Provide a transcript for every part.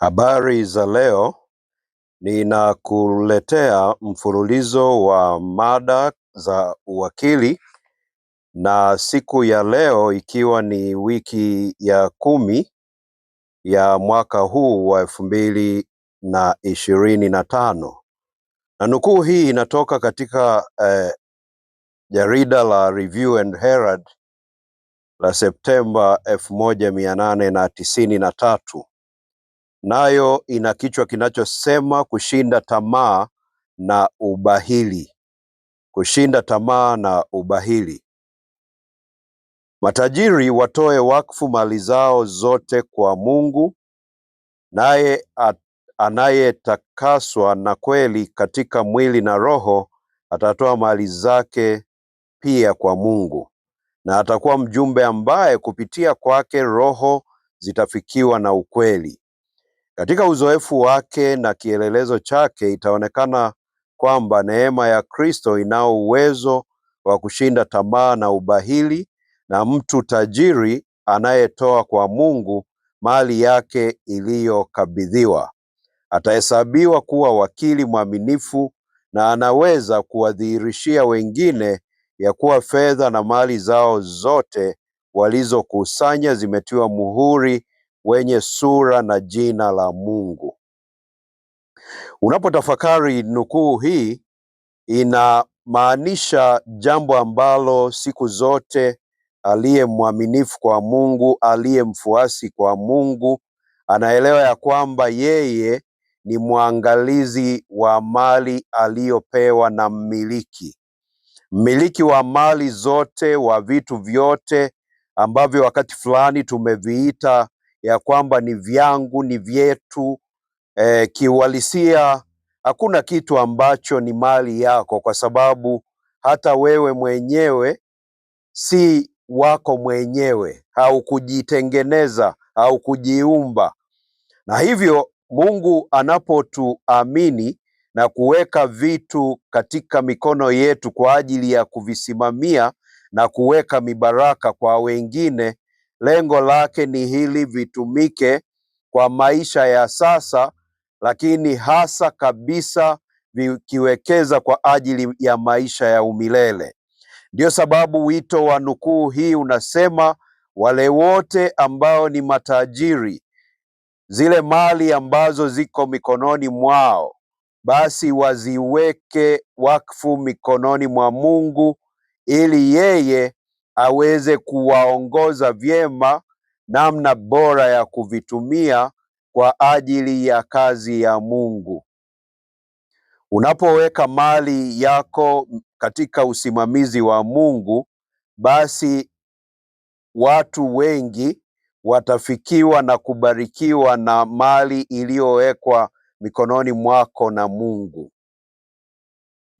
Habari za leo ninakuletea mfululizo wa mada za uwakili, na siku ya leo ikiwa ni wiki ya kumi ya mwaka huu wa elfu mbili na ishirini na tano na nukuu hii inatoka katika eh, jarida la Review and Herald la Septemba elfu moja mia nane na tisini na tatu nayo ina kichwa kinachosema kushinda tamaa na ubahili. Kushinda tamaa na ubahili. Matajiri watoe wakfu mali zao zote kwa Mungu, naye anayetakaswa na kweli katika mwili na roho atatoa mali zake pia kwa Mungu, na atakuwa mjumbe ambaye kupitia kwake roho zitafikiwa na ukweli. Katika uzoefu wake na kielelezo chake itaonekana kwamba neema ya Kristo inao uwezo wa kushinda tamaa na ubahili, na mtu tajiri anayetoa kwa Mungu mali yake iliyokabidhiwa atahesabiwa kuwa wakili mwaminifu na anaweza kuwadhihirishia wengine ya kuwa fedha na mali zao zote walizokusanya zimetiwa muhuri wenye sura na jina la Mungu. Unapotafakari nukuu hii, inamaanisha jambo ambalo siku zote aliye mwaminifu kwa Mungu, aliye mfuasi kwa Mungu, anaelewa ya kwamba yeye ni mwangalizi wa mali aliyopewa na mmiliki, mmiliki wa mali zote, wa vitu vyote ambavyo wakati fulani tumeviita ya kwamba ni vyangu, ni vyetu. E, kiuhalisia hakuna kitu ambacho ni mali yako, kwa sababu hata wewe mwenyewe si wako mwenyewe, au kujitengeneza au kujiumba Na hivyo Mungu anapotuamini na kuweka vitu katika mikono yetu kwa ajili ya kuvisimamia na kuweka mibaraka kwa wengine lengo lake ni hili, vitumike kwa maisha ya sasa, lakini hasa kabisa vikiwekeza kwa ajili ya maisha ya umilele. ndio sababu wito wa nukuu hii unasema wale wote ambao ni matajiri, zile mali ambazo ziko mikononi mwao, basi waziweke wakfu mikononi mwa Mungu ili yeye aweze kuwaongoza vyema namna bora ya kuvitumia kwa ajili ya kazi ya Mungu. Unapoweka mali yako katika usimamizi wa Mungu, basi watu wengi watafikiwa na kubarikiwa na mali iliyowekwa mikononi mwako na Mungu.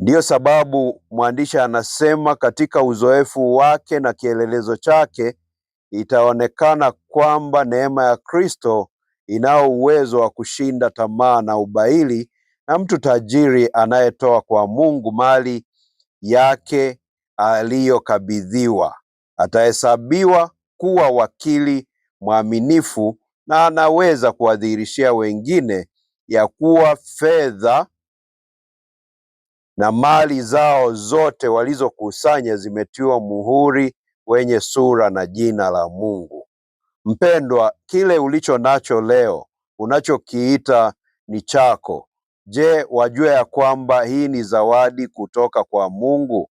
Ndiyo sababu mwandishi anasema katika uzoefu wake na kielelezo chake itaonekana kwamba neema ya Kristo inao uwezo wa kushinda tamaa na ubaili, na mtu tajiri anayetoa kwa Mungu mali yake aliyokabidhiwa atahesabiwa kuwa wakili mwaminifu, na anaweza kuwadhihirishia wengine ya kuwa fedha na mali zao zote walizokusanya zimetiwa muhuri wenye sura na jina la Mungu. Mpendwa, kile ulicho nacho leo unachokiita ni chako, je, wajua ya kwamba hii ni zawadi kutoka kwa Mungu?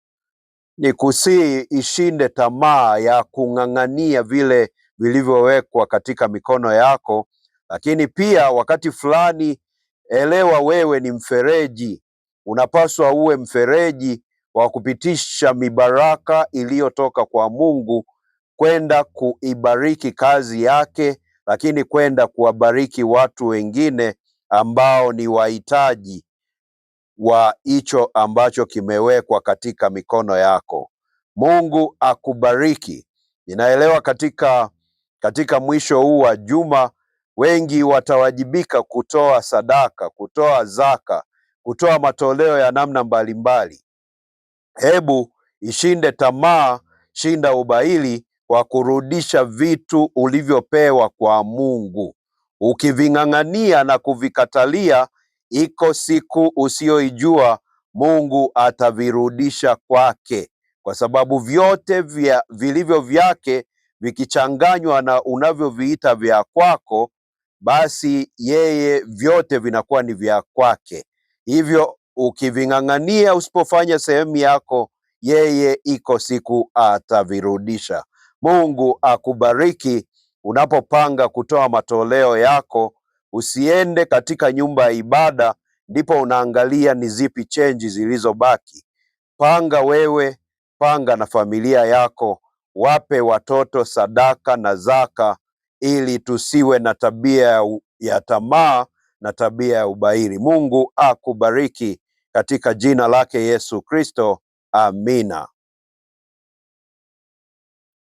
Ni kusii ishinde tamaa ya kung'ang'ania vile vilivyowekwa katika mikono yako, lakini pia wakati fulani elewa, wewe ni mfereji unapaswa uwe mfereji wa kupitisha mibaraka iliyotoka kwa Mungu kwenda kuibariki kazi yake, lakini kwenda kuwabariki watu wengine ambao ni wahitaji wa hicho ambacho kimewekwa katika mikono yako. Mungu akubariki. Ninaelewa katika katika mwisho huu wa juma wengi watawajibika kutoa sadaka, kutoa zaka, kutoa matoleo ya namna mbalimbali. Hebu ishinde tamaa, shinda ubaili kwa kurudisha vitu ulivyopewa kwa Mungu. Ukiving'ang'ania na kuvikatalia, iko siku usiyoijua Mungu atavirudisha kwake, kwa sababu vyote vya, vilivyo vyake vikichanganywa na unavyoviita vya kwako, basi yeye vyote vinakuwa ni vya kwake. Hivyo ukiving'ang'ania, usipofanya sehemu yako, yeye iko siku atavirudisha. Mungu akubariki unapopanga kutoa matoleo yako. Usiende katika nyumba ya ibada ndipo unaangalia ni zipi chenji zilizobaki. Panga wewe, panga na familia yako, wape watoto sadaka na zaka, ili tusiwe na tabia ya tamaa na tabia ya ubairi. Mungu akubariki katika jina lake Yesu Kristo, amina.